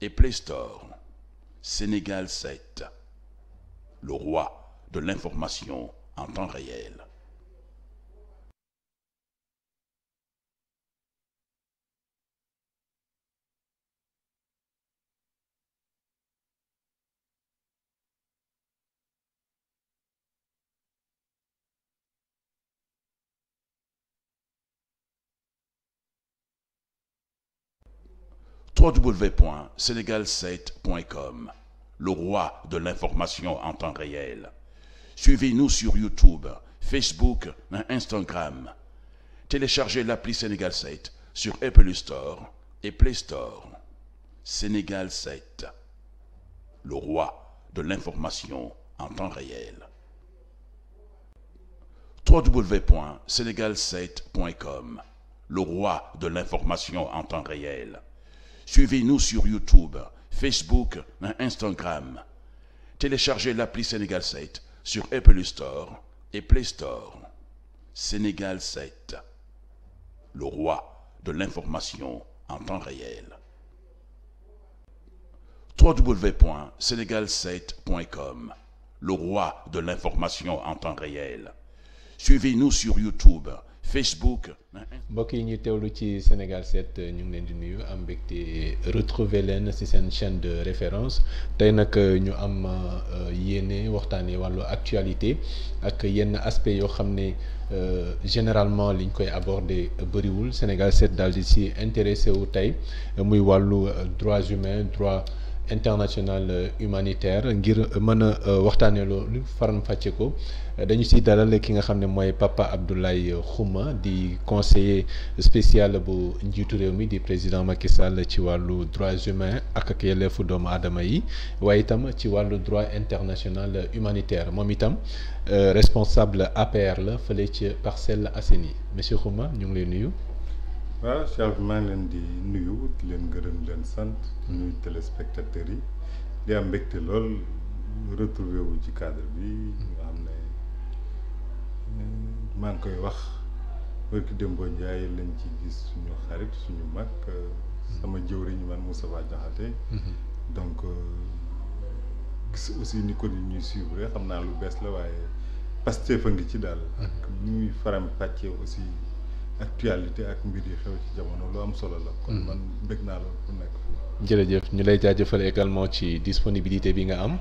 et Play Store. Sénégal 7, le roi de l'information en temps réel. www.senegal7.com, le roi de l'information en temps réel. Suivez-nous sur YouTube, Facebook et Instagram. Téléchargez l'appli Sénégal 7 sur et Store et Play Store. Sénégal 7, le roi de l'information en temps réel. www.senegal7.com, le roi de l'information en temps réel. Suivez-nous sur YouTube, Facebook et Instagram. Téléchargez l'appli Sénégal 7 et Play Store. Sénégal 7, le roi de l'information en temps réel. www.sénégal7.com, le roi de l'information en temps réel. Suivez-nous sur YouTube, Facebook. mbokk yi ñu teewlu ci Sénégal set ñu ngi leen di nuyu am mbégte retrouver leen ci seen chaîne de référence tey nag ñu am waxtaan euh, waxtaanee wàllu actualité ak yenn aspect yoo xam ne euh, généralement liñ koy aborder bëriwul Sénégal set daal di ci intéressé wu tey muy wàllu euh, droits humains droit. internationale euh, humanitaire ngir euh, mën a euh, waxtaanee loolu faram fàcce ko dañu siy dalal ki nga xam ne mooy Papa Abdoulaye Khouma di conseiller spécial bu njiitu réew mi di président Macky Sall ci wàllu droits humains ak ak yelleefu doomu aadama yi waaye itam ci wàllu droit international humanitaire moom itam responsable APR la fële ci Parcelles Assainies monsieur Khouma ñu ngi lay nuyu. waaw Cheikh maa ngi leen di nuyu di leen gërëm leen sant nuyu téléspectateurs yi di am mbégte lool retrouvé wu ci cadre bi nga xam ne eh, maa ngi koy wax barki Dembo Ndiaye lañ ci gis suñu xarit suñu mag euh, mm-hmm. sama jëwriñ man Moustapha Diakhaté mm-hmm. donc euh, gis aussi ni ko ni ñuy suivre xam naa lu bees la waaye Pastef a ngi ci daal mm-hmm. ak ñuy faram pàccee aussi actualité ak mbir yi xew ci jamono lu am solo la. kon mm-hmm. man dëgg naa loolu pour nekk. jërëjëf ñu lay jaajëfal également ci disponibilité bi nga am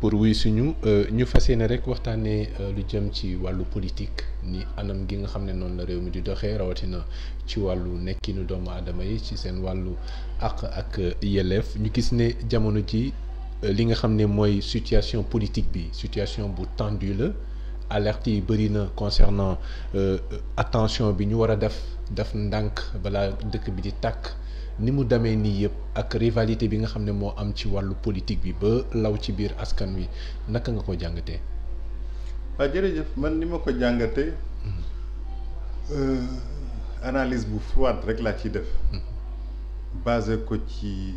pour wuy suñu euh, ñu fas yéene rek waxtaanee euh, lu jëm ci wàllu politique ni anam gi nga xam ne noonu la réew mi di doxee rawatina ci wàllu nekkinu doomu aadama yi ci seen wàllu àq ak yelleef ñu gis ne jamono ji euh, li nga xam ne mooy situation politique bi situation bu tendue la. alerte yi bëri na concernant euh, attention bi ñu war a def def ndànk balaa dëkk bi di tàkk ni mu demee nii yëpp ak rivalité bi nga xam ne moo am ci wàllu politique bi ba law ci biir askan wi naka nga ko jàngatee. waaw jërëjëf man ni ma ko jàngatee euh, analyse bu froide rek laa ci def mm-hmm. basé ko ci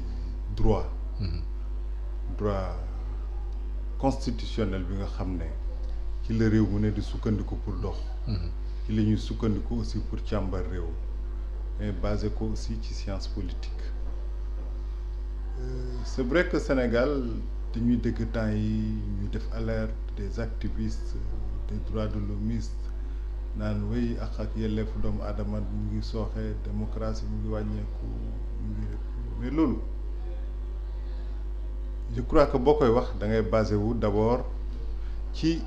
droit. Mm-hmm. droit constitutionnel bi nga xam ne. ci la réew mu ne di sukkandiku pour dox mhm. ci la ñuy sukkandiku aussi pour càmbar réew mais basé ko aussi ci science politique euh, c'est vrai que Sénégal dañuy dégg temps yi ñuy def alerte des activistes des droits de l'homiste naan wéy ak ak yelleefu doomu aadama mu ngi sooxe démocratie mu ngi wàññeeku mu ngi mais loolu je crois que boo koy wax da ngay basé wu d'abord ci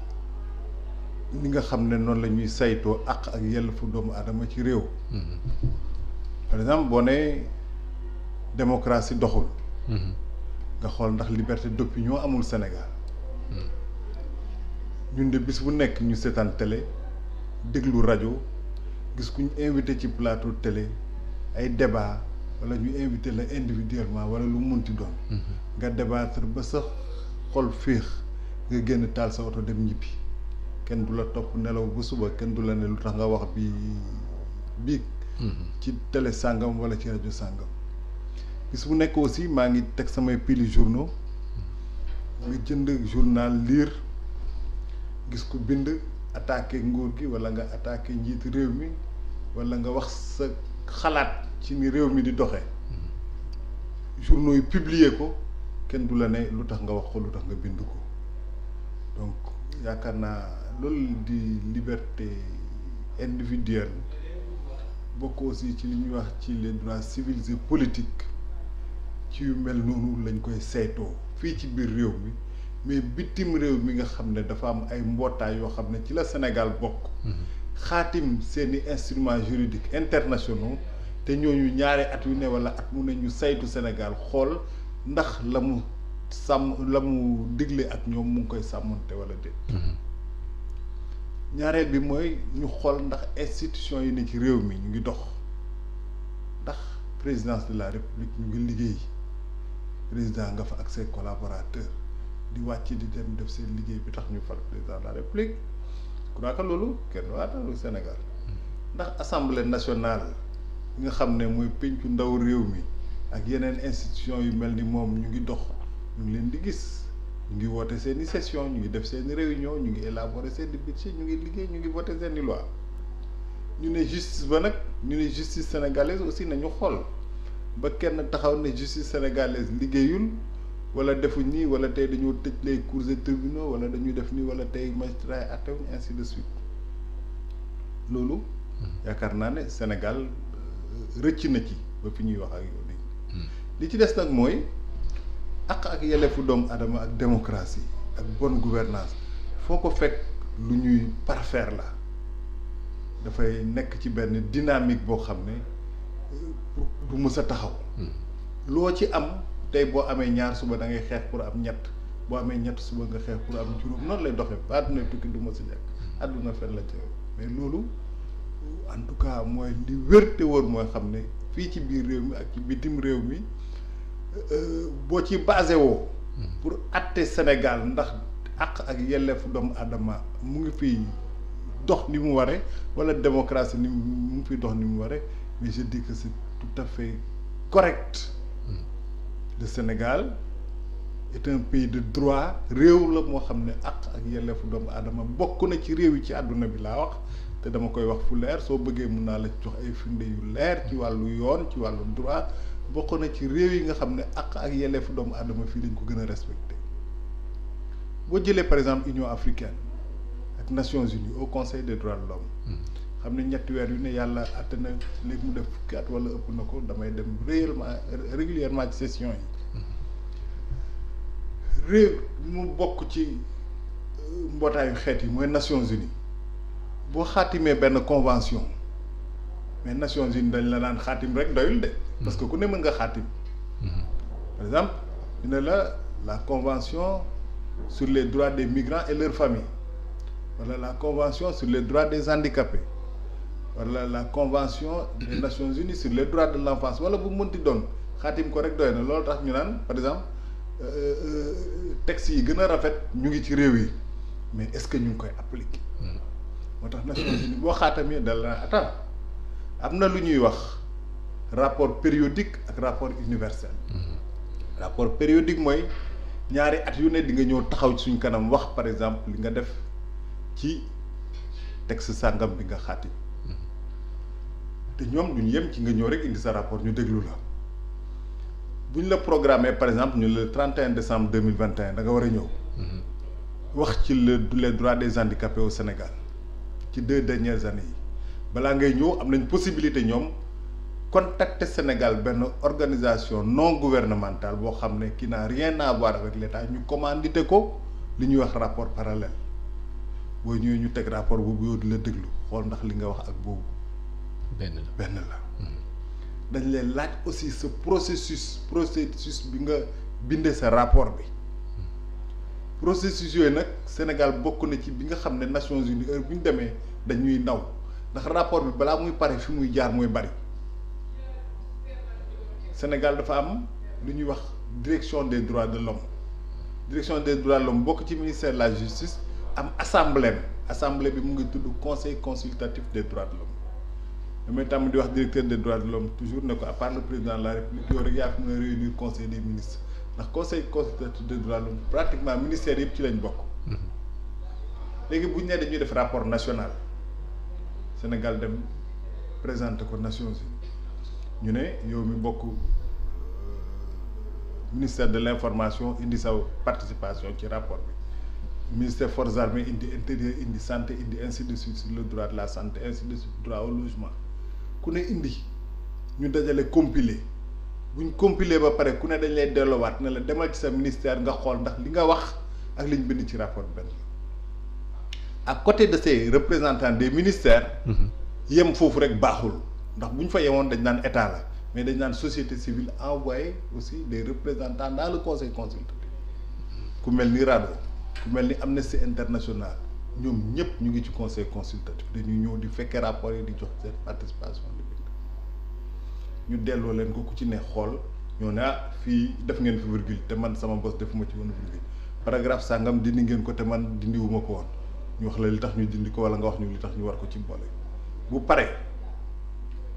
ni nga xam ne noonu la ñuy saytoo ak ak fu doomu aadama ci réew. par exemple boo nee démocratie doxul. nga xool ndax liberté ñoo amul Sénégal. ñun de bis bu nekk ñu seetaan télé déglu rajo gis ku ñu invité ci plateau télé ay débat wala ñu invité la individuellement wala lu munti doon. Mhm. nga débattre ba sa xol féex nga génn taal sa oto dem ñibbi. kenn du la topp nelaw bu suba kenn du la ne lu tax nga wax bii bii mhm. ci télé sàngam wala ci rajo sàngam bis bu nekk aussi maa ngi teg samay pili journaux nga jënd journal liir gis ku bind attaqué nguur gi wala nga attaqué njiitu réew mi wala nga wax sa xalaat ci ni réew mi di doxee mhm. journaux yi publier ko kenn du la ne lu tax nga wax ko lu tax nga bind ko donc yaakaar naa loolu di liberté individuelle bokk aussi ci li ñuy wax ci les droits civils et ci yu mel noonu lañ koy saytoo fii ci biir réew mi mais bitim réew mi nga xam ne dafa am ay mbootaay yoo xam ne ci la Sénégal bokk xaatim seeni instruments juridiques internationaux te ñooñu ñaari at yu ne wala at mu ne ñu saytu Sénégal xool ndax la mu sàmm la mu digle ak ñoom mu ngi koy sàmmante wala déet mm-hmm. ñaareel bi mooy ñu xool ndax institution yi ni ci réew mi ñu ngi dox ndax présidence de la république ñu ngi liggéey président nga fa ak ses di wàcc di dem def seen liggéey bi tax ñu fal président de la république crois que loolu kenn waatalu Sénégal ndax assemblée nationale bi nga xam ne mooy péncu ndaw réew mi ak yeneen institution yu mel ni moom ñu ngi dox ñu leen di gis ñu ngi woote seeni i session ñu ngi def seen i réunion ñu ngi élaborer seen i budget ñu ngi liggéey ñu ngi voter seen i loi ñu ne justice ba nag ñu ne justice sénégalaise aussi nañu xool ba kenn taxaw ne justice sénégalaise liggéeyul wala defu nii wala tey dañoo tëj les cours et tribunaux wala dañuy def nii wala tey magistrat yi attewuñ ainsi de suite loolu hmm. yaakaar naa ne Sénégal euh, rëcc na ci ba fi ñuy wax ak yow hmm. li ci des nag mooy ak yeleefu yelleefu doomu adama ak démocratie ak bon gouvernance foo ko fekk lu ñuy parfaire la dafay nekk ci benn dynamique boo xam ne du mës a taxaw hmm. loo ci am tey boo amee ñaar suba da ngay xeex pour am ñett boo amee ñett suba nga xeex pour am juróom noonu lay doxe ba àdduna tukki du mës a jekk àdduna fen la jël mais loolu en tout cas mooy li wér te wóor mooy xam ne fii ci biir réew mi ak ci bitim réew mi Euh, boo ci basé woo. pour atte Sénégal ndax àq ak yelleefu doomu adama mu ngi fi dox ni mu ware wala démocratie ni mu ngi fi dox ni mu waree mais je dis que c'est tout à fait correct. de mm. Sénégal est un pays de droit réew la moo xam ne àq ak yelleefu doomu aadama bokk na ci réew yi ci àdduna bi laa wax te dama koy wax fu leer soo bëggee mun naa la jox ay firnde yu leer ci wàllu yoon ci wàllu droit. bokk na ci réew yi nga xam ne àq ak fu doomu aadama fii lañ ko gën a respecté boo jëlee par exemple Union africaine ak Nations Unies au Conseil des droits de l'homme xam ne ñetti weer yu ne yàlla àtte na léegi mu def fukki at wala ëpp na ko damay dem réellement régulièrement ci session yi réew mu bokk ci euh, mbootaayu xeet yi mooy Nations Unies boo xaatimee benn convention mais Nations Unies dañ la naan xaatim rek doyul de parce que ku ne mën nga xaatim par exemple ñu ne la la convention sur les droits des migrants et leurs familles wala la convention sur les droits des handicapés wala la convention des nations unies sur les droits de l'enfance wala bu ti doon xaatim ko rek doy na loolu tax ñu naan par exemple euh, euh, textes yi gën a rafet ñu ngi ci réew yi mais est-ce que ñu ngi koy appliqué hmm. moo tax Nations Unies boo xaatamee dal na am na lu ñuy wax rapport périodique ak rapport universel. rapport périodique mooy ñaari at yu ne di nga ñëw taxaw ci suñ kanam wax par exemple li nga def ci sa sàngam bi nga xaati te ñoom duñ yem ci nga ñëw rek indi sa rapport ñu déglu la bu ñu la programmé par exemple ñu le 31 décembre 2021 da nga war a ñëw. wax ci le les droits des handicapés au Sénégal ci deux dernières années yi balaa ngay ñëw am nañ possibilité ñoom. contacter Sénégal benn organisation non gouvernementale boo xam ne qui naa rien à voir avec l'État ñu commandité ko li ñuy wax rapport parallèle boo ñëwee ñu teg rapport boobu yow di la déglu xool ndax li nga wax ak boobu. benn la hmm. dañ lay laaj aussi sa processus processus bi nga bindee sa rapport bi. Hmm. processus yooyu nag Sénégal bokk na ci bi nga xam ne Nations Unies heure bu ñu demee dañuy ndaw ndax rapport bi balaa muy pare fi muy jaar mooy bari. Sénégal dafa am lu ñuy wax direction des droits de l'homme direction des droits de l'homme bokk ci ministère de la justice am assemblée assemblée bi mu ngi tudd conseil consultatif des droits de l'homme damay tàmm di wax directeur des droits de l'homme toujours ne ko à part le président de la république yow rek yaa fi mën a réunir conseil des ministres ndax conseil consultatif des droits de l'homme pratiquement ministère yëpp ci lañ bokk mm-hmm. léegi bu ñu dañuy def rapport national Sénégal dem présenter ko Nations Unies ñu ne yow mi bokk euh, ministère de l' information indi sa participation ci rapport bi ministère forces armées indi intérieur indi santé indi ainsi de suite sur le droit de la santé ainsi de suite droit au logement ku ne indi ñu dajale compiler buñ compiler ba pare ku ne dañ lay delloowaat ne la demal ci sa ministère nga xool ndax li nga wax ak liñ bind ci rapport benn ak côté de ces représentants des ministère mm-hmm. yem foofu rek baaxul ndax bu ñu fa yewoon dañ naan état la mais dañ naan société civile envoyé aussi des représentant dans le conseil consultatif ku mel ni RADDHO ku mel ni Amnesty International ñoom ñëpp ñu ngi ci conseil consultatif dañuy ñëw di fekkee rapport di jox seen participation di bind ñu delloo leen ko ku ci ne xool ñoo ne ah fii def ngeen fi virgule te man sama bos defuma ci woon virgule paragraphe sàngam dindi ngeen ko te man dindiwuma ko woon ñu wax la li tax ñu dindi ko wala nga wax ñu li tax ñu war ko ci boole bu pare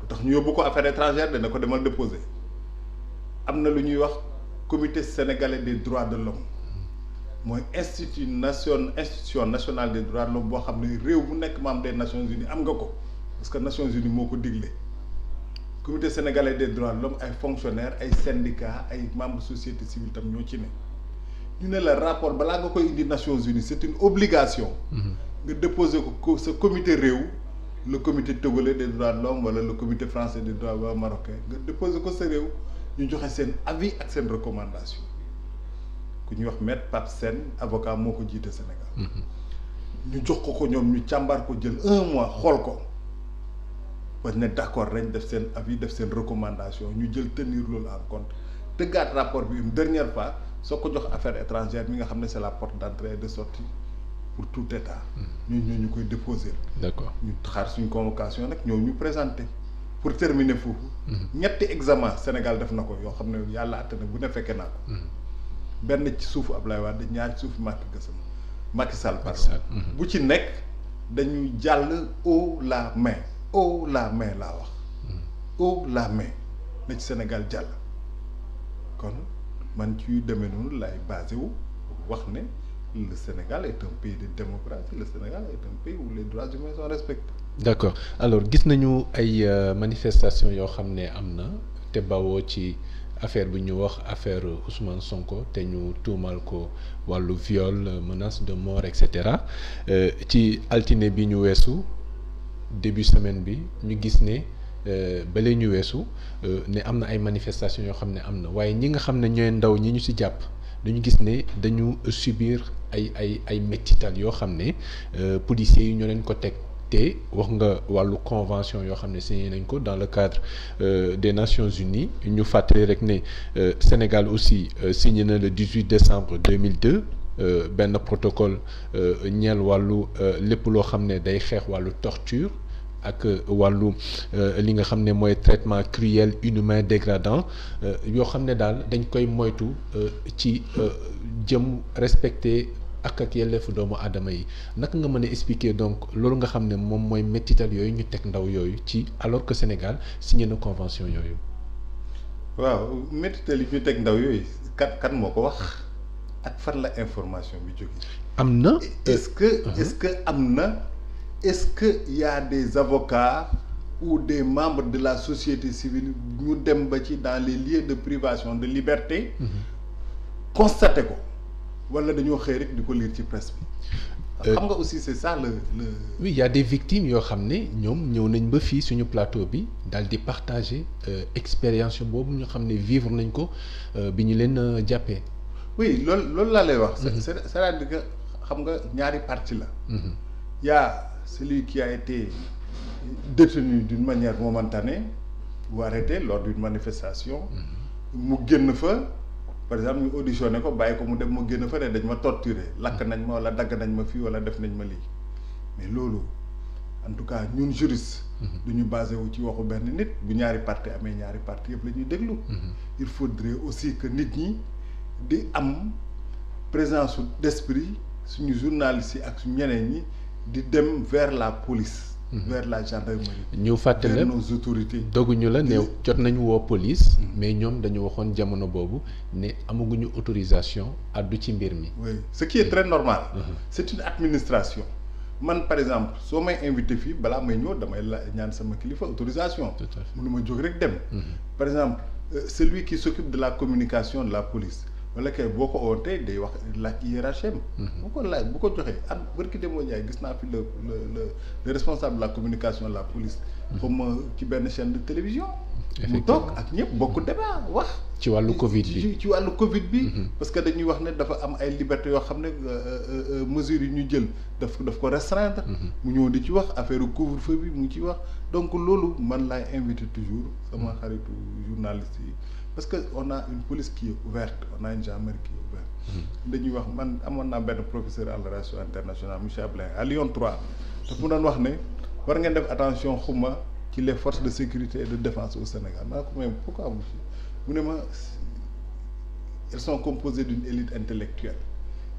ndax ñu yóbbu ko affaire étrangère dana ko demal déposer am na lu ñuy wax comité sénégalais des droits de l'homme mooy institut nation institution nationale des droits de l'homme boo xam ne réew bu nekk membre des nations unies am nga ko parce que nations unies moo ko digle comité sénégalais des droits de l'homme ay fonctionnaires ay syndicats ay membres société civile tam ñoo ci ne ñu ne la rapport balaa nga koy indi nations unies c'est une obligation mm-hmm. nga déposer ko sa comité réew le comité togolais des droits de l'homme wala le comité français des droits wa marocain nga déposé ko sa réew ñu joxe seen avis ak seen recommandation ku ñuy wax maître Pape Sène avocat moo ko jiite Sénégal mm-hmm. ñu jox ko ko ñoom ñu càmbar ko jël un mois xool ko ba ne d'accord dañ def seen avis def seen recommandation ñu jël tenir loolu en compte tëggaat rapport bi une dernière fois soo ko jox affaire étrangère mi nga xam ne c'est la porte d'entrée et de sortie pour tout état. ñoo ñu koy déposé d'accord ñu xaar suñu convocation nag ñoo ñu présenté pour terminé foofu. Mhm. ñetti examen Sénégal def na ko yoo xam ne yàlla àtte bu ne fekkee naa ko. Mhm. benn ci suufu Ablaye Wade ñaar ci suufu Macky Gassama Macky Sall pardon mhm. bu ci nekk dañuy jàll haut la main haut la main laa wax. haut la mai na ci Sénégal jàll kon man ci demee noonu laay basé wu wax ne. le Sénégal le Sénégal est d' accord alors gis nañu ay euh, manifestations yoo xam ne am na te bawoo ci affaire bu ñu wax affaire Ousmane Sonko te ñu tuumal ko wàllu viol menace de mort et cetera euh, ci altine bi ñu weesu début semaine bi ñu gis ne. Euh, balee ñu weesu ne am na ay manifestations yoo xam ne am na waaye ñi nga xam ne ñooy ndaw ñi ñu ci jàpp dañu gis ne dañu subir ay ay ay métital yoo xam ne euh, policiers yi ñoo leen ko teg te wax nga wàllu convention yoo xam ne signé nañ ko dans le cadre euh, des Nations Unies ñu fàttali rek ne euh, Sénégal aussi euh, signé na le 18 décembre 2002 euh, benn euh, protocole ñeel wàllu lépp loo xam ne day xeex wàllu torture ak euh, wàllu euh, li nga xam ne mooy traitement cruel inhumain dégradant euh, yoo xam ne daal dañ koy moytu ci jëm respecté ak ak yelleefu doomu aadama yi naka nga mën a expliquer donc loolu nga xam ne moom mooy mettital yooyu ñu teg ndaw yooyu ci alors que Sénégal signé na convention yooyu. waaw mettital yi ñu teg ndaw yooyu kat kat moo ko wax ak fan la information bi jógee. am na est que est que am na. est-ce que y a des avocats ou des membres de la société bu ñu dem ba ci dans les lieux de privation de liberté. Mm-hmm. constaté ko wala dañoo xëy rek di ko lire ci presque bi. Euh, xam nga aussi c'est ça le le. oui y a des yoo xam ne ñoom ñëw nañ ba fii suñu plateau bi daal di partager euh, expérience boobu ñu xam ne vivre nañ ko euh, bi ñu leen jàppee. oui loolu laa lay wax. c'est mm-hmm. c'est-à-dire xam nga ñaari parti la. Mm-hmm. y celui qui a été détenu d'une manière momentanée ou arrêté lors d'une manifestation mu génn fa par exemple ñu ne ko bàyyi ko mu dem ma génn fa ne dañ ma torturé lakk nañ ma wala dagg nañ ma fii wala def nañ ma lii mais loolu en tout cas ñun juriste mhm. du ñu basé wu ci waxu benn nit bu ñaari parti amee ñaari parti yëpp la ñuy déglu mhm. il faut faudrait aussi que nit ñi di am présence d'esprit suñu journalistes yi ak suñu ñeneen ñi di dem vers la police. Mhm. vers la gendarmerie. ñu fàttali vers nos autorités. la ne jot nañu woo police. Mhm. mais ñoom dañu waxoon jamono boobu ne amaguñu autorisation addu ci mbir mi. oui ce qui est très normal. Mhm. c' est une administration. man par exemple soo may invité fii balaa may ñëw damay la ñaan sama kilifa autorisation. mënu ma jóg rek dem. par exemple euh, celui qui s'occupe de la communication de la police. wala kay boo ko oon day wax laaj hiérarchie mhm. bu ko laaj bu ko joxee at ah, barki demoo Ndiaye gis naa fi le le le responsable la communication la police. Mhm. comme euh, ci benn chaîne de télévision. mu toog ak ñëpp bokk mhm. débat wax. ci wàllu Covid bi ci wàllu Covid bi. parce que dañuy wax ne dafa am ay liberté yoo xam ne euh, euh, mesures yi ñu jël daf daf ko restreindre. mu ñëw di ci wax affaire couvre-feu bi mu ci wax donc loolu man laay invité toujours sama xaritu journaliste yi. parce que on a une police qui est ouverte on a une gendarmerie qui est ouverte. Mm-hmm. dañuy wax man amoon naa benn professeur à la relation internationale monsieur Ablaye à Lyon 3 daf mu doon wax ne war ngeen def attention xuma ki les forces de sécurité de défense au Sénégal maa ko mais pourquoi monsieur mu ne ma elles sont composées d'une élite intellectuelle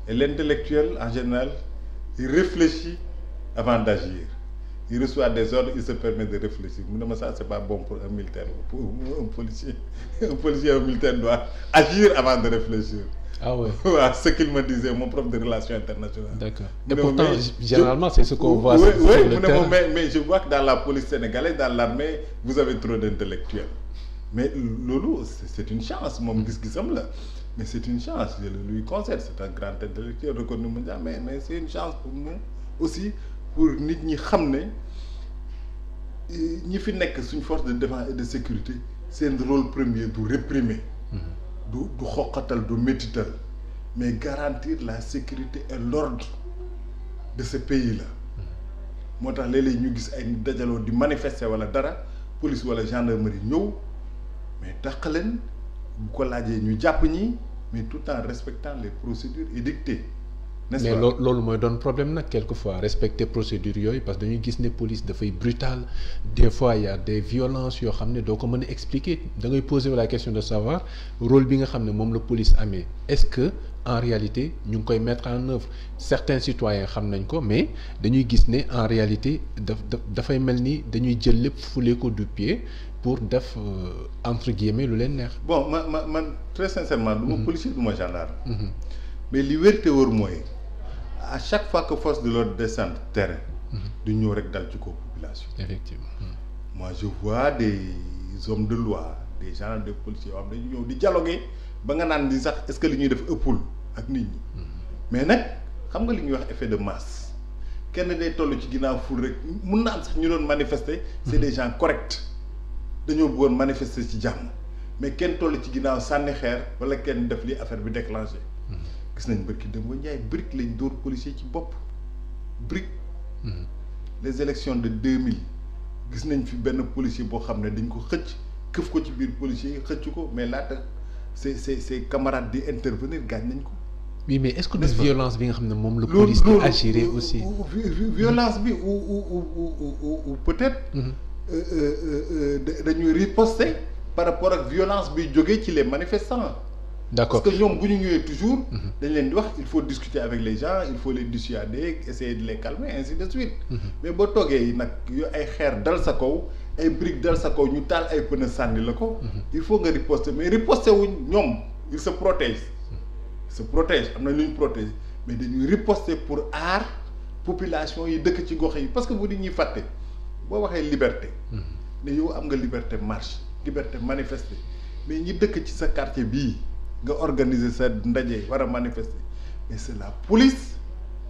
et l'intellectuel en général il réfléchit avant d'agir il reçoit des ordres il se permet de réfléchir mu ne ma c'est pas bon pour un militaire pour policier un policier agir avant de réfléchir. ah ouais waaw ce qu'il me disait mon prof de relations internationales. d'accord et généralement c'est ce qu'on voit. sur le terrain mais mais je vois dans la police sénégalaise dans l'armée vous avez trop d'intellectuels mais loolu c'est une chance moom gis-gisam la mais c'est une chance je le lui concède c'est pour nit ñi xam ne ñi fi nekk suñ force de défense et de sécurité seen rôle premier du réprimer du du xoqatal du métital mais garantir la sécurité et l'ordre de ce pays là moo tax léeg-léeg ñu gis ay nit dajaloo di manifester wala dara police wala gendarmerie ñëw mais dàq leen bu ko laajee ñu jàpp ñi mais tout temps respectant les procédures édictées mais loolu mooy doon problème nag quelquefois respecter procédure yooyu parce que dañuy gis ne police dafay brutale des fois y a des yoo xam ne doo ko mën a expliquer da ngay poser la question de savoir role bi nga xam ne moom la police amee est-ce que en réalité ñu ngi koy mettre en œuvre certains citoyens xam nañ ko mais dañuy gis ne en réalité daf dafay mel ni dañuy jël lépp fule ko du pied pour def euh, entre guillemets lu leen neex. bon ma ma man très sincèrement. du ma mm-hmm. policier du mm-hmm. mais li wér mooy. à chaque fois que force de l'ordre descend terrain du ñëw rek dal ci ko population hmm. mois jour je vois des hommes de loi des gendarmes des policiers yoo xam dañu ñëw di dialoguer ba nga naan di sax est-ce que li ñuy def ëppul ak nit ñi hmm. mais nag xam nga li ñuy wax effet de masse kenn de toll ci ginnaaw ful rek mun na am sax ñu doon manifester c'est hmm. des gens corrects dañoo buggoon manifester ci jàmm mais kenn toll ci ginnaaw sànni xeer wala kenn def li affaire bi déclenché gis nañ bërki dem ba Ndiaye brique lañ dóor policier ci bopp brique. Hmm. les élections de deux mille gis nañ fi benn policier boo xam ne dañ ko xëcc këf ko ci biir policier yi xëcc ko mais laata ses ses ses camarades di intervenir gaañ nañ ko. oui mais est-ce que du bi nga xam ne moom la. police di agir aussi violence bi u ou ou ou peut-être. Hmm. Euh, euh, euh, dañuy riposter par rapport ak violence bi jógee ci les manifestants. d'accord parce que ñoom bu ñu ñëwee toujours. Mhm. dañ leen di wax il faut discuter avec les gens il faut les dissuader essayer de les calmer ainsi de suite. Mhm. mais boo toogee nag yu ay xeer dal sa kaw ay briques dal sa kaw ñu taal ay pneu sànni la ko. Mhm. il faut nga riposter mais riposter wuñ ñoom ils se protègent. ils am na lu ñu protège mais dañuy riposter pour aar population yi dëkk ci gox yi parce que bu di ñuy fàtte boo waxee liberté. ne yow am nga liberté marche liberté manifester mais ñi dëkk ci sa quartier bii. nga organiser sa ndaje war a manifester mais c'est la police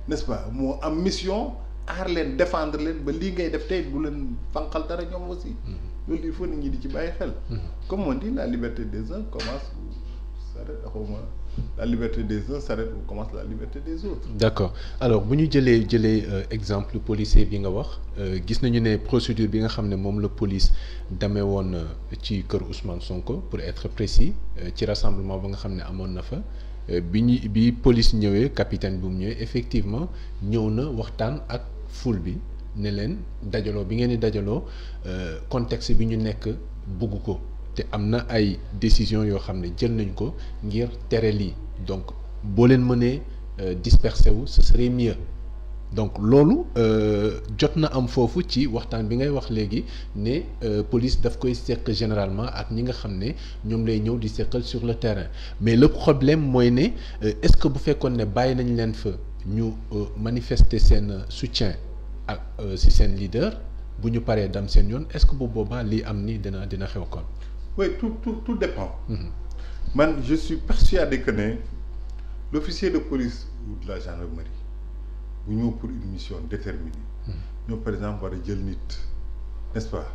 n'est-ce pas moo am mission aar leen défendre leen ba lii ngay def tey du leen fanqal dara ñoom aussi mm-hmm. loolu il faut nit ñi di ci bàyyi xel mm-hmm. comme on dit la liberté des uns commence s'arrête xawma la liberté des uns s'arrête où commence la liberté des autres. d'accord alors bu ñu jëlee jëlee euh, exemple policier bi nga wax euh, gis nañu ne procédure bi nga xam ne moom la police demee woon euh, ci kër Ousmane Sonko pour être précis ci rassemblement ba nga xam ne amoon na fa bi ñu bi police ñëwee capitaine bu mu ñëwee effectivement ñëw na waxtaan ak foule bi ne leen dajaloo bi ngeen di dajaloo contexte bi ñu nekk bugg ko. te am na ay décision yoo xam ne jël nañ ko ngir tere lii donc boo leen mënee euh, disperser wu ce serait mieux donc loolu euh, jot na am foofu ci waxtaan bi ngay wax léegi ne euh, police daf koy seq généralement ak ñi nga xam ne ñoom lay ñëw di seqal sur le terrain mais le problème mooy ne est-ce que bu fekkoon ne bàyyi nañ leen fa ñu manifester seen soutien ak si seen leader bu ñu paree dam seen yoon est-ce que bu boobaa li am ni dina dina xew kon oui tout tout tout dépend. Mhm. man je suis persuadé que ne l'officier de police ou de la gendarmerie bu ñëw pour une mission déterminée. Mhm. ñoo par exemple war a jël nit n'est-ce pas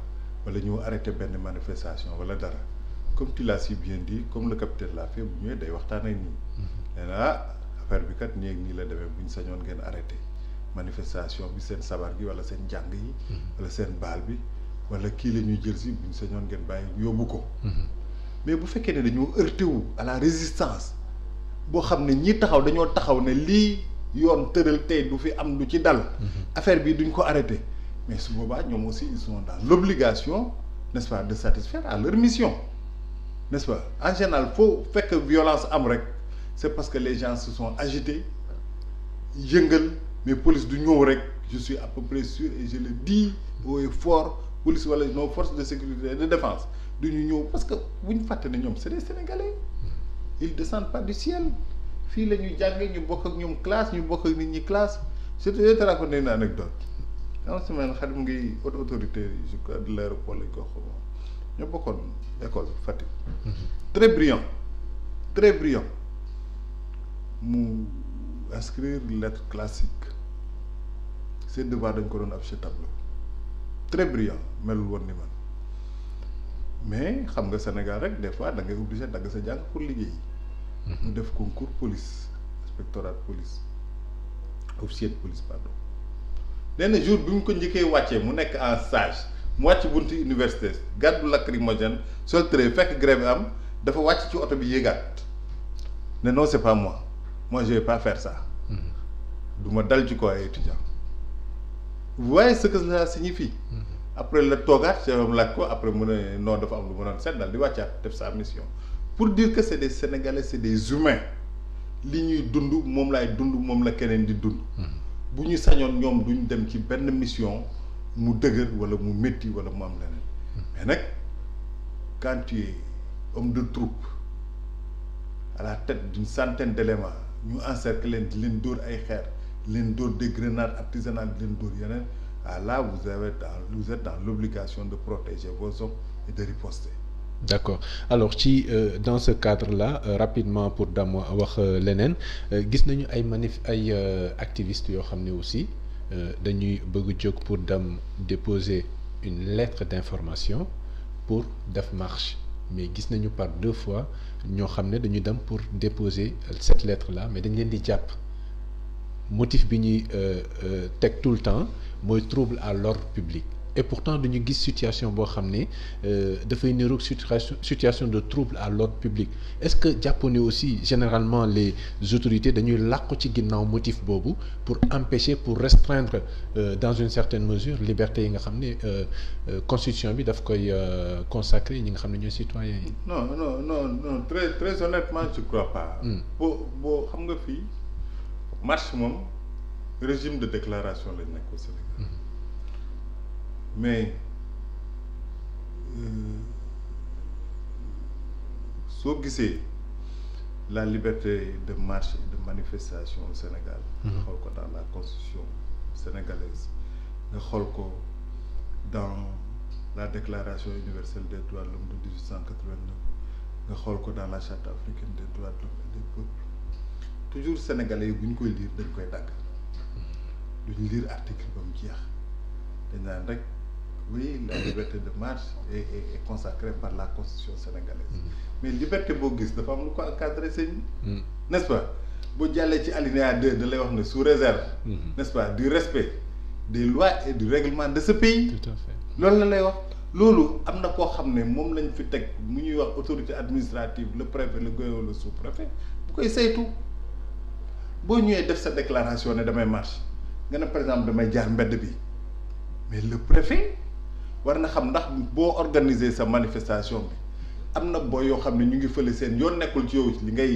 wala ñu arrêté benn manifestation wala dara comme tu l'as bien di comme le capitaine l'a fait bu ñëwee day waxtaan ak nii. Mhm. nee na ah affaire bi kat nii ak nii la demee bu ñu sañoon ngeen arrêté manifestation bi seen sabar gi wala seen jàng yi. wala seen baal bi. wala kii la ñuy jël si buñ sañoon ngeen bàyyi yóbbu ko. Mhm. mais bu fekkee ne dañoo heurté wu à la résistance boo xam ne ñii taxaw dañoo taxaw ne lii yoon tëral tey du fi am lu ci dal. Mhm. affaire bi duñ ko arrêté mais su boobaa ñoom aussi ils sont dans l'obligation n'est-ce pas de satisfaire à leur mission n'est-ce pas en foo fekk violence am rek c'est parce que les gens se sont agités yëngal mais police du ñëw rek je suis à peu près sûr et je le dis haut et fort. police wala nos forces de sécurité et de défense duñu ñëw parce que bu ñu fàtte ne ñoom c'est des sénégalais ils descendent pas du ciel fii la ñuy jàngee ñu bokk ak ñoom classe ñu bokk ak nit ñi classe surtout yooyu te raconté une anecdote en semaine xarit mu ngi haute autorité je crois de l'aéroport lañ ko xamoon ñoo bokkoon école Fatick. très brillant très brillant mu inscrire lettre classique seen devoir dañ ko doon affiché tableau. très brillant melul woon ni man mais xam nga Sénégal rek des fois da ngay obligé dagg sa jàng pour liggéey. mu mhm. def concours police inspectorat police officier de police pardon nee jour bi mu ko njëkkee wàccee mu nekk en stage mu wàcc buntu université gàddu lacrymogène sol trait fekk grève am dafa wàcc ci oto bi yéegaat ne non c'est pas moi moi je vais pas faire ça mhm. du ma dal ci ko ay étudiant vous voyez après la toogaat chef am laaj ko après mu ne non dafa am lu mu doon seet daal di wàccaat def sa mission pour dire que c' est des sénégalais c' est li ñuy dund moom laay dund moom la keneen di dund. Mm-hmm. bu ñuy sañoon ñoom duñ dem ci benn mission mu dëgër wala mu métti walla mu am leneen. Mm-hmm. mais nag quand tu de troupe à la duñ d'une centaine d'éléments ñu encercler leen di leen dóor ay xeer leen dóor des grenades artisanales di leen dóor yeneen. ah là vous avez dans l'obligation de protéger vos hommes et de riposter. d'accord alors ci euh, dans ce cadre la euh, rapidement pour dam wax euh, leneen euh, gis nañu ay manif ay euh, activistes yoo xam ne aussi dañuy bëgg jóg pour dem déposer une lettre d'information pour def marche mais gis nañu par deux fois ñoo xam ne dañu dem pour déposer cette lettre là mais dañ leen di jàpp motif bi ñuy teg tout le temps mooy trouble à l'ordre public et pourtant dañu gis situation boo xam ne euh, dafay niroog situation situation de trouble à l'ordre public est-ce que jàpp ne aussi généralement les autorités dañuy làqu ci ginnaaw motif boobu pour empêcher pour restreindre euh, dans une certaine mesure liberté yi nga xam ne euh, euh, constitution bi daf koy consacrer ñi nga xam ne ñooy citoyens yi. non non non non très très honnêtement je crois hmm. boo boo xam nga fii marche moom. régime de déclaration lañ nekk au Sénégal mhm. mais euh, soo gisee la liberté de marche de manifestation au Sénégal mhm. nga xool ko dans la constitution sénégalaise nga xool ko dans la déclaration universelle des droits de l'homme de 1889 nga xool ko dans la charte africaine des droits de l'homme et des toujours sénégalais bu ñu koy lire dañ koy dàgg duñ lire article ba mu jeex dañ naan rek oui la liberté de marche est est par la constitution sénégalaise. Mm-hmm. mais liberté boo gis dafa am lu ko ak sëñ bi. Mm-hmm. n'est-ce boo jàllee ci alinéa de da lay wax ne sous réserve. Mm-hmm. n'est-ce pas du respect des lois et du règlement de ce pays. tout loolu la lay wax. loolu am na koo xam ne moom lañ fi teg mu ñuy wax autorité administrative le préfet le gouverneur le sous-préfet bu koy saytu boo ñëwee def sa déclaration ne damay marche. nga ne par exemple damay jaar mbedd bi mais le préfet war na xam ndax boo organiser sa manifestation bi am na booy yoo xam ne ñu ngi fële seen yoon nekkul ci yow li ngay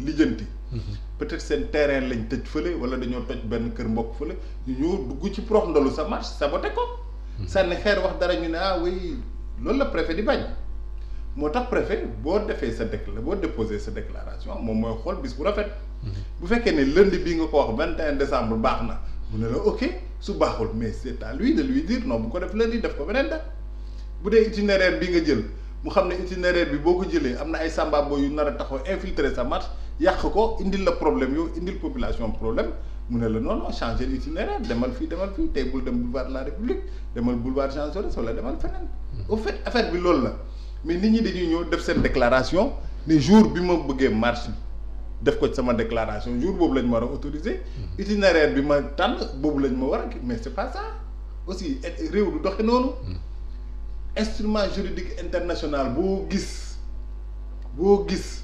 lijjanti. Mhm. peut-être seen terrain lañ tëj fële wala dañoo toj benn kër mbokk fële ñu ñëw dugg ci prox ndalu sa marche sabote ko. Mhm. sànni xeer wax dara ñu ne ah oui loolu la préfet di bañ. moo tax préfet boo defee sa décla boo déposé sa déclaration moom mooy xool bis bu rafet. bu fekkee ne lënd bii nga ko wax vingt et un décembre baax na mu ne la ok su baaxul mais c'est à lui de lui dire non bu ko def lundi def ko beneen date bu dee itinéraire bi nga jël mu xam ne itinéraire bi boo ko jëlee am na ay sambabo yu nar a taxaw infiltrer sa marche yàq ko indil la problème yow indil population problème mu ne la non non changer itinéraire demal fii demal fii tey bul dem boulevard de la République demal boulevard Jean Jaurès wala demal feneen. au fait affaire bi loolu la mais nit ñi dañuy ñëw def seen déclaration ne jour bi ma bëggee marche bi. def ko sama déclaration jour boobu lañ ma war a autoriser itinéraire bi ma tànn boobu lañ ma war a mais c'est pas ça aussi réew du doxe noonu instrument juridique international boo gis boo gis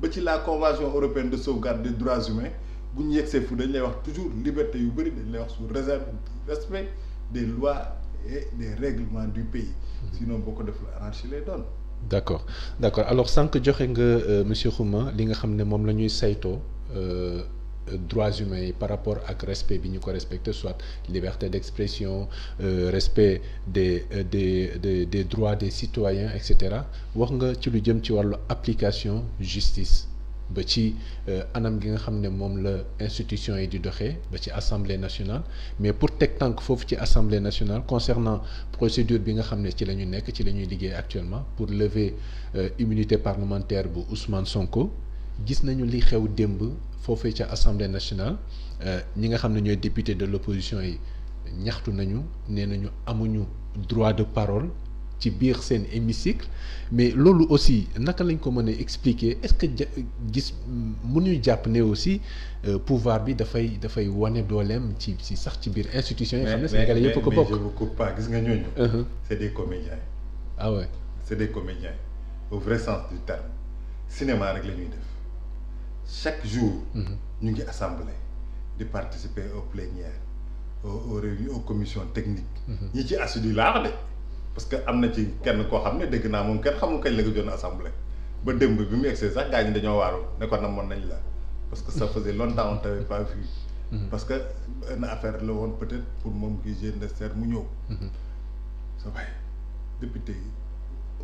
ba ci la convention européenne de sauvegarde de droits humains bu ñu yegsee fu dañ lay wax toujours liberté yu bëri dañ lay wax sous réserve respect des lois et des règlements du pays sinon boo ko def la anarchie lay doon d' accord d' accord alors sànq joxe nga euh, monsieur Xuma li nga xam ne moom la ñuy saytoo euh, droits humains yi par rapport ak respect bi ñu ko respecte soit liberté d' expression euh, respect des euh, des des des droits des citoyens et cetera wax nga ci lu jëm ci wàllu application justice. ba ci euh, anam gi nga xam ne moom la institution yi di doxee ba ci assemblée nationale mais pour teg tànk foofu ci assemblée nationale concernant procédure bi nga xam ne ci la ñu nekk ci la ñuy liggéey actuellement pour lever euh, immunité parlementaire bu Ousmane Sonko gis nañu li xew démb foofu ca assemblée nationale euh, ñi nga xam ne ñooy député de l'opposition yi ñaxtu nañu nee nañu amuñu droit de parole ci biir seen hémicycle mais loolu aussi naka lañ ko mën a expliquer est-ce que gis mu mënuñu jàpp ne aussi euh, pouvoir bi dafay dafay wane dooleem ci ci sax ci biir institution yi. xam ne Sénégalais yëpp ko bokk mais je gis nga ñooñu. Uh-huh. c'est des comédiens. ah ouais c'est des comédiens au vrai sens du terme uh-huh. ñu ngi assemblée di participer aux plénières techniques. Uh-huh. laax de. parce que am na ci kenn koo xam ne dégg naa moom kenn xamul kañ la ko joon assemblée ba démb bi mu egsee sax gars ñi dañoo waaru ne ko namoon nañ la parce que ça faisait longtemps on t'avait pas mm-hmm. parce que benn affaire la woon peut-être pour moom kii genestère mu ñëw sa mm-hmm. waaye député yi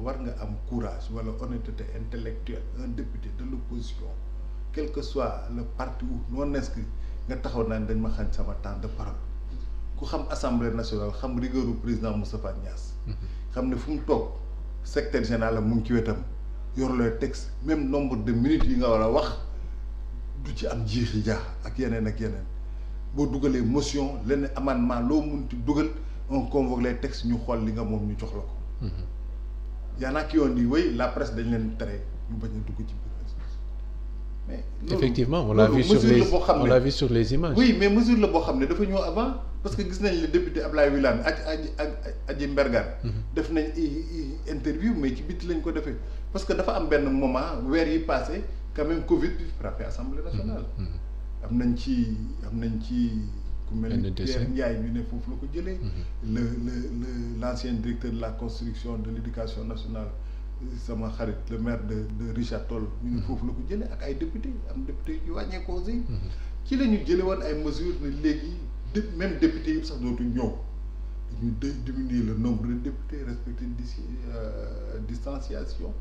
war nga am courage walla honnêteté intellectuelle un député de l'opposition quel que soit le parti ou non inscrit nga taxaw naan dañ ma xañ sama temps de parole ku xam assemblée nationale xam rigueur u président Moustapha Niass xam ne fu mu toog secteur général la mu ngi ci wetam yor looy texte même nombre de minutes yi nga war a wax du ci am jiixi jaax ak yeneen ak yeneen boo dugalee motion lenn amendement loo munti dugal on convoque les textes ñu xool li nga moom ñu jox la ko. yaa nag yoon yi wéy la presse dañ leen tere ñu bañ a dugg ci biir. mais loolu effectivement on l'a vu sur les on l'a vu sur les images. oui mais mesure la boo xam ne dafa ñëw avant parce que gis nañ le député Ablaye Wilane ak ak ak Adji Mbergane. Mhm. def nañ i interview mais ci biti lañ ko defee parce que dafa am benn moment weer yi passé quand même Covid bi frappé assemblée mhm. nationale. Mhm. am nañ ci am nañ ci. ku mel ni Pierre Ndiaye ñu ne foofu la ko jëlee. le le le la ancien directeur de la construction de l' éducation nationale. sama xarit le maire de de Richard Toll ñu ne mhm. foofu la ko jëlee ak ay député am député yu wàññeeku aussi. Mhm. ci la ñu jëlee woon ay mesures ne léegi même député yëpp sax dootu ñëw dañu de diminuer le nombre de députés respecter dis euh, distanciation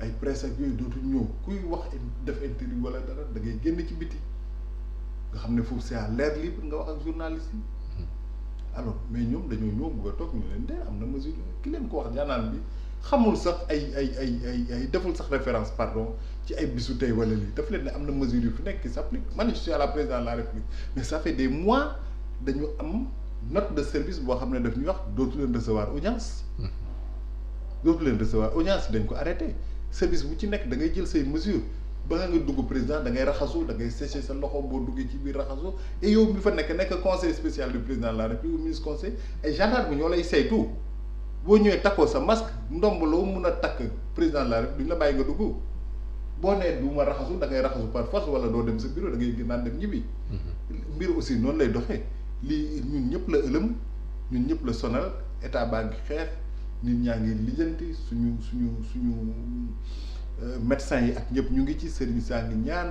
ay presse ak yooyu dootu ñëw kuy wax def interview wala dara da génn ci biti nga xam ne foofu se à l'air libre nga wax ak journaliste yi mhm. alors mais ñoom dañoo ñëw bëgg a ñu leen de am na mesure ki leen ko wax bi. xamul sax ay ay ay ay ay deful sax référence pardon ci ay bisu tey wala lii daf leen ne am na mesure yu fi nekk qui s'applique man je suis à la présidence de la république mais ça fait des mois dañu am note de service boo xam ne daf ñuy wax dootu leen recevoir audience hmm. dootu leen recevoir audience dañ ko arrêté service bu ci nekk dangay jël say mesure ba nga nga dugg président da ngay raxasu da ngay sa loxo boo duggee ci biir raxasu et yow mi fa nekk nekk conseil spécial du président la république ministre conseil ay gendarme ñoo lay saytu boo ñëwee takkoo sa masque ndombo loo mun a takk président de la duñ la bàyyi nga dugg boo nee du ma raxasu da ngay raxasu par force wala doo dem sa bureau da ngay naan dem ñibbi. Mm-hmm. mbir aussi noonu lay doxe lii ñun ñëpp la ëlëm ñun ñëpp la sonal état baa ngi xeex nit ñaa ngi lijjanti suñu suñu suñu euh, médecins yi ak ñëpp ñu ngi ci service yaa ngi ñaan.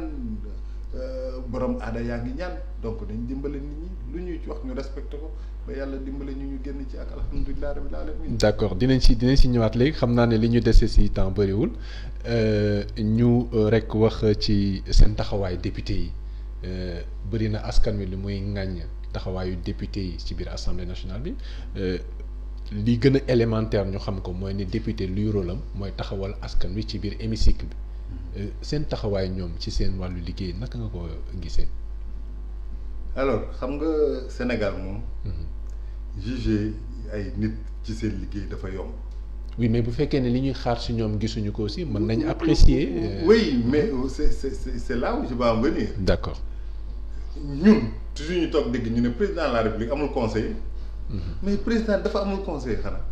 Euh, borom aada yaa ngi ñaan donc nañ dimbale nit ñi lu ñuy wax ñu respecté ko ba yàlla dimbale ñu ñu génn ci ak alhamdulilah rabbil alamin accord dinañ si dinañ si ñëwaat léegi xam naa ne li ñu dese si temps bëriwul euh, ñu euh, rekk wax ci seen taxawaayu député yi bëri na askan wi li muy ngàññ taxawaayu député yi ci biir assemblée nationale bi li gën a élémentaire ñu xam ko mooy ni député luy rôle mooy taxawal askan wi ci biir hémicycle bi. Euh, seen taxawaay ñoom ci seen wàllu liggéey naka nga ko gisee. alors xam nga Sénégal moom. Mhm. juger ay nit ci seen liggéey dafa yomb. oui mais bu fekkee ne li ñuy xaar si ñoom gisuñu ko mën nañ apprécier. Euh, oui mais c'est c'est c'est là où je vais en venir. d'accord ñun toujours ñu toog dégg ñu ne président la république amul conseil. Mhm. mais président dafa amul conseil xanaa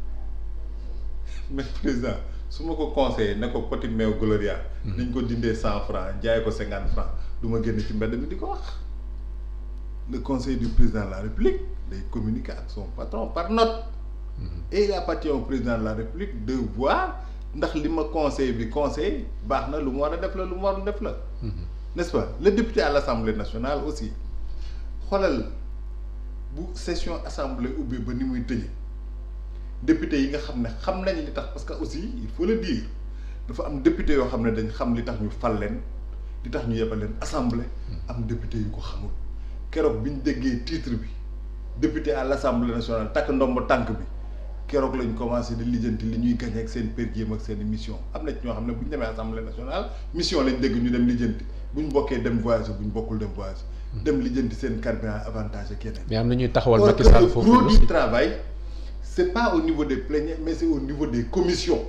mais président. su ma ko conseillé ne ko petit meew gloria hmm. niñ ko dindee cent franc jaay ko cinquante franc du ma génn ci mbedd mi di ko wax le conseil du président de la république day communiquer ak son patron par not hmm. et il président de la république de voir ndax li ma conseil bi conseil baax na lu mu war a def la lu mu warul def la hmm. n'est-ce pas le député à l'assemblée nationale aussi xoolal bu session assemblée ubbi ba ni muy tëje député yi nga xam ne xam nañ li tax parce que aussi il faut le dire dafa am député yoo xam ne dañ xam li tax ñu fal leen li tax ñu yebal leen assemble am député yu ko xamul keroog bi ñu déggee titre bi député à l' assemblée nationale takk ndomb tànk bi keroog lañ commencé di lijjanti li ñuy gañ ak seen per diem ak seen mission am na ci ñoo xam ne bu ñu demee assemblée nationale mission lañ dégg ñu dem lijjanti bu ñu bokkee dem voyage bu ñu bokkul dem voyage. Hmm. dem lijjanti seen carburant avantage ak yeneen. mais am na ñuy taxawal Macky Sall foofu produit travail. c'est pas au niveau des plénières mais c'est au niveau des commissions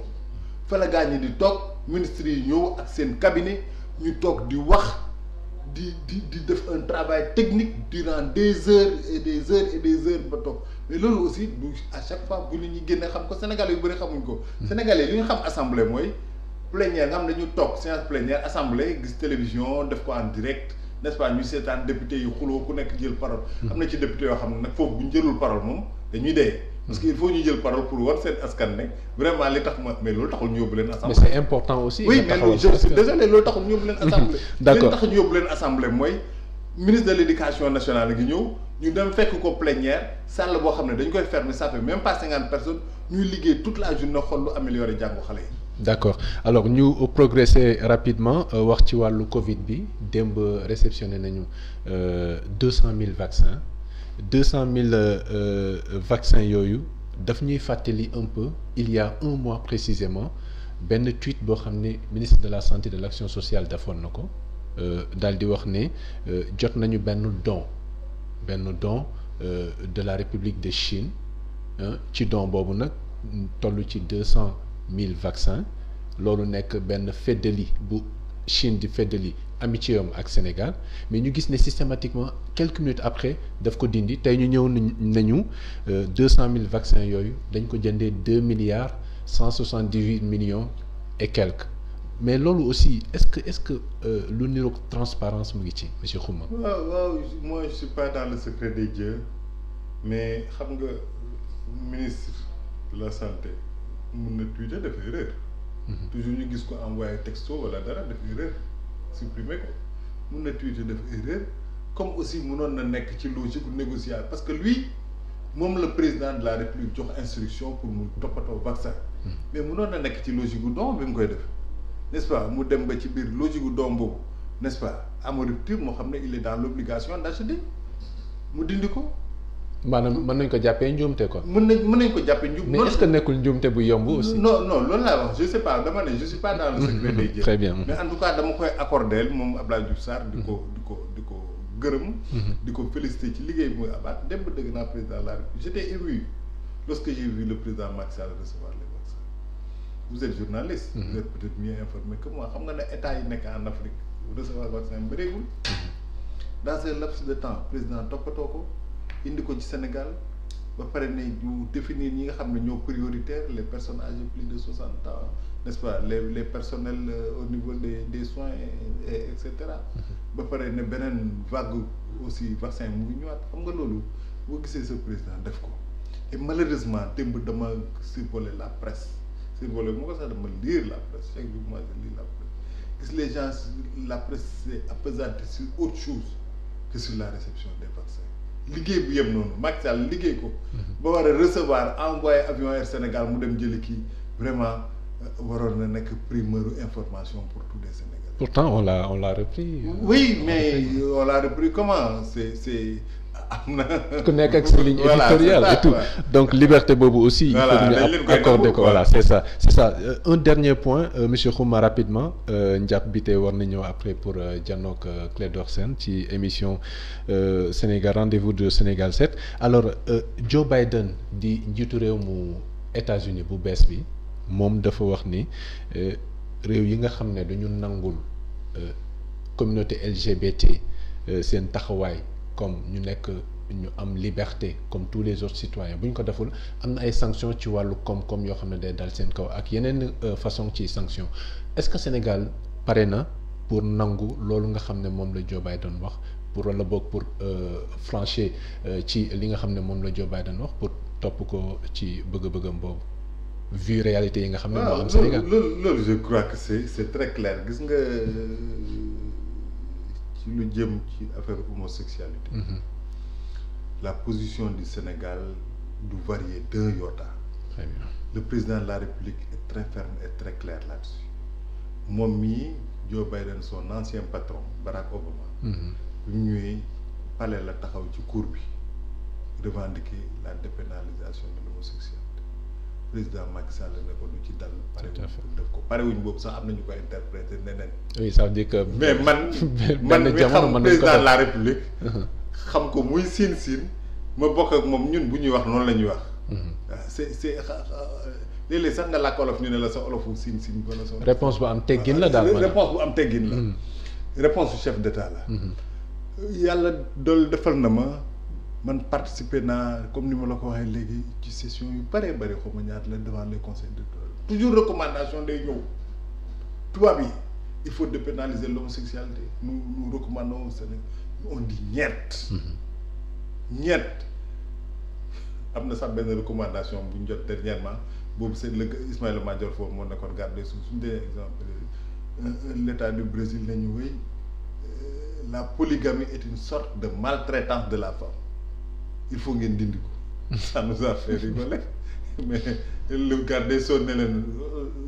fa la gaa di toog ministres yi ñëw ak seen cabinet ñu toog di wax di di di def un travail technique durant des heures et des heures et des heures ba toog mais loolu aussi du à chaque fois bu lu ñuy génne xam ko Sénégalais yu bëri xamuñ ko. Hmm. Sénégalais li ñu xam assemblée mooy plénière nga na ñu toog séance plénière assemblée gis télévision def ko en direct. n'est-ce pas ñu seetaan député ku nekk jël parole. Hmm. am na ci député yoo xam ne nag foofu bu ñu jëlul parole moom dañuy dee. parce que il faut ñu jël parole pour war seen askan ne vraiment li tax ma mais loolu taxul ñu yóbbu leen assemblée. mais c'est important aussi. mais loolu taxul ñu yóbbu leen assemblée. li tax ñu yóbbu leen assemblée mooy ministre de l'éducation nationale gi ñëw ñu dem fekk ko plénière salle boo xam ne dañ koy fermer ça fait même pas cinquante personnes ñuy liggéey toute la journée xool lu améliorer jàngu xale yi. d'accord alors ñu progresser rapidement euh, wax ci wàllu Covid bi démb réceptionné nañu euh, deux cent mille vaccins. deux cent mille euh, euh, vaccins yooyu daf ñuy fàttali un peu il y a un mois précisément benn tweet boo xam ne ministre de la santé de l'action sociale defoon na ko euh, daal di wax ne jot nañu benn don benn don de la République de Chine ci don boobu nag toll ci deux cent mille vaccins loolu nekk benn feddali bu Chine di feddali amitié am ak Sénégal mais ñu gis ne systématiquement quelques minutes après daf ko dindi tey ñu ñëw nañu euh, deux cent mille vaccins yooyu dañ ko jëndee deux milliards cent soixante dix huit millions et quelques mais loolu aussi est ce que est ce que euh, lu niroog transparence mu ngi ci monsieur Khouma. waaw waaw moi je suis pas dans le secret des dieux mais xam nga ministre de la santé mun na tuuti def erreur. Mhm. toujours ñu gis ko envoyé texto wala dara def erreur supprimer ko mun na tweeter def erreur comme aussi mënoon na nekk ci logique négociable parce que lui moom le président de la jox instruction pour mu toppatoo vaccin mhm. mais mënoon na nekk ci logique gu doom bi mu koy def n'est-ce pas mu dem ba ci biir logique gu doom boobu n'est-ce pas ama rupture moo xam ne il est dans l'obligation d'acheter mu dindi ko maanaam mën nañ ko jàppee njuumte ko mën nañ mën nañ ko jàppee njuum mais est nekkul njuumte bu yomb aussi non non loolu laa wax je sais pas dama ne je suis pas dans le mm-hmm. ko di ko gërëm mm-hmm. di ko féliciter ci liggéey bi muy abaat démb dëgg naa président de la République j'étais président Macky Sall recevoir les vaccins vous êtes journaliste mm-hmm. vous nga ne état yi nekk en Afrique recevoir vaccin bëreegul dans ce temps président toppatoo ko indi ko ci Sénégal ba pare ne ñu définir ñi nga xam ne ñoo prioritaire les personnes âgées plus de soixante ans nest pas les les personnels euh, au niveau des des soins et et cetera. ba pare ne beneen vague aussi vaccin mu ngi ñëwaat xam nga loolu boo gisee sa président def ko et malheureusement démb dama survolé la presse survolé moo ko sax dama lire la presse chaque jour moi je la presse gis les gens la presse s'est apesantie sur autre chose que sur la réception des vaccins. liggéey bu yem noonu Macky Sall liggéey ko. ba war a recevoir envoyé avion Air Sénégal mu dem jëli kii vraiment euh, waroon na nekk primeuru information pour tous les Sénégalais. pourtant on l'a on l'a repris. oui mais on l'a repris comment c'est c'est ku nekk ak sa ligne éditoriale et donc liberté boobu aussi il faut ñu accorder ko voilà c'est ça c'est ça euh, un dernier point euh, monsieur Khouma rapidement euh, njàpp bi tey war na ñëw après pour janook Clédor Sène ci émission Sénégal rendez-vous de Sénégal 7 alors Joe Biden di njiitu réew mu États-Unis bu bees bi moom dafa wax ni réew yi nga xam ne duñu nangul communauté LGBT seen taxawaay comme ñu nekk ñu am liberté comme tous les autres citoyens bu ñu ko deful am na ay sanctions ci wàllu koom-koom yoo xam ne day dal seen kaw ak yeneen euh, façon ci sanction est-ce que Sénégal pare na pour nangu loolu nga xam ne moom la Joe Biden wax pour la boog pour euh, franchir euh, ci li nga xam ne moom la Joe Biden wax pour topp ko ci bëgg bëgg boobu vu réalité yi nga xam ne moo am Sénégal loolu loolu je crois que c'est très clair gis nga lu jëm ci affaire homosexualité mm-hmm. la position du Sénégal du varier d'un iota très bien le président de la République est très ferme et très clair là moom mii Joe Biden son ancien patron Barack Obama mm-hmm. bi mu ñëwee palais la taxaw ci cour bi revendiquer la dépénalisation de l'homosexualité président Macky Sall ne ko lu ci dal. pare wuñ def ko pare wuñ boobu sax am na ñu koy interprété neneen. oui ça veut dire que. mais man man mi xam président la république. xam ko muy siin siin ma bokk ak moom ñun bu ñuy wax noonu lañuy ñuy wax. Mhm. Ah, c'est c'est léeg-léeg sax nga làkk olof ñu ne la sa olofu siin siin wala sa. réponse bu am teggin la daal réponse bu am teggin la. Mhm. réponse chef d'état la. Mhm. yàlla dool defal na ma. man participer naa comme ni ma la ko waxee léegi ci session yu bëree bëri xaw ñaata la devant les conseils de toujours recommandation day ñëw tubaab yi il faut dépénaliser l'homosexualité nous nous recommandons au Sénégal on di ñeent. ñeent am na sax benn recommandation bu ñu jot dernièrement boobu c'est le Ismaïla Madior foofu moo nekkoon garde su suñu dee exemple euh, euh, l'état du Brésil nañu wéy euh, la polygamie est une sorte de maltraitance de la femme. il faut ngeen dindi ko. sa nous a fait rigoler mais le garde so Sceaux ne leen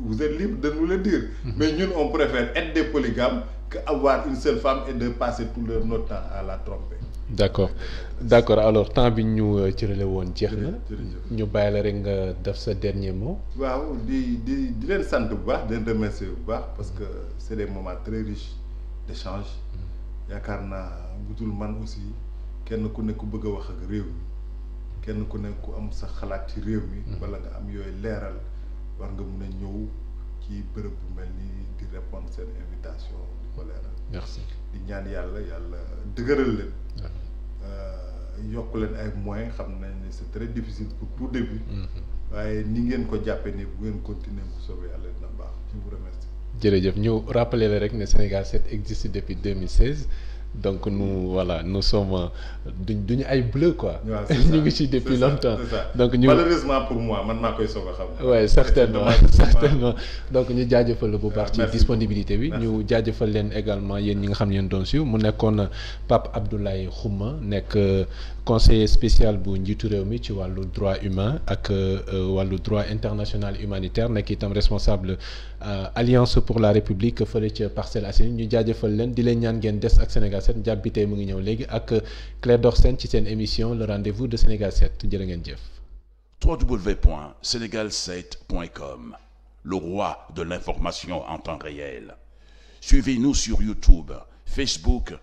vous libre de nous le dire. mais ñun on préfère être des polygames que avoir une seule femme et de passer tout leur not temps à la tromper. d' accord alors temps bi ñu euh, cërale woon jeex na. ñu bàyyi la rek nga def sa dernier mot. waaw di di di leen sant bu baax di leen remercier bu baax parce que c' est des moments très riches d' échange mm. yaakaar naa budul man aussi. kenn ku ne ku bëgg a wax ak réew mi kenn ku ne ku am sax xalaat ci réew mi. Mm-hmm. bala nga am yooyu leeral war nga mun a ñëw ci bërëb bu mel ni di répondre seen invitation di ko leeral. merci di ñaan yàlla yàlla dëgëral leen. Euh, yokk leen ay moyens xam nañ ne c'est très difficile pour tout début. Mm-hmm. waaye ni ngeen ko jàppee ni bu ngeen continuer bu soobee yàlla dina baax je vous remercie. jërëjëf ñu rappeler la rek ne Sénégal 7 existe depuis 2016. donc nous voilà nous sommes duñ duñu ay bleu quoi. ñu ngi ci depuis longtemps. donc ñu malheureusement pour moi man maa koy soog a xam. waaye certainement certainement donc ñu jaajëfal bu baax. ci disponibilité bi ñu jaajëfal leen également yéen ñi nga xam ne yéen doon siiw mu nekkoon euh, Pape Abdoulaye Khouma nekk. Euh, conseiller spécial bu njiitu réew mi ci wàllu droit humain ak euh, wàllu droit international humanitaire nekk itam responsable euh, alliance pour la république fële ca Parcelles Assainies ñu jaajëfal leen di leen ñaan ngeen des ak Sénégal 7 jàppite mu ngi ñëw léegi ak Claire Dorsène ci seen émission le rendez-vous de Sénégal 7 jërë ngeen jëf. www.senegal7.com le roi de l'information en temps réel. Suivez-nous sur YouTube, Facebook,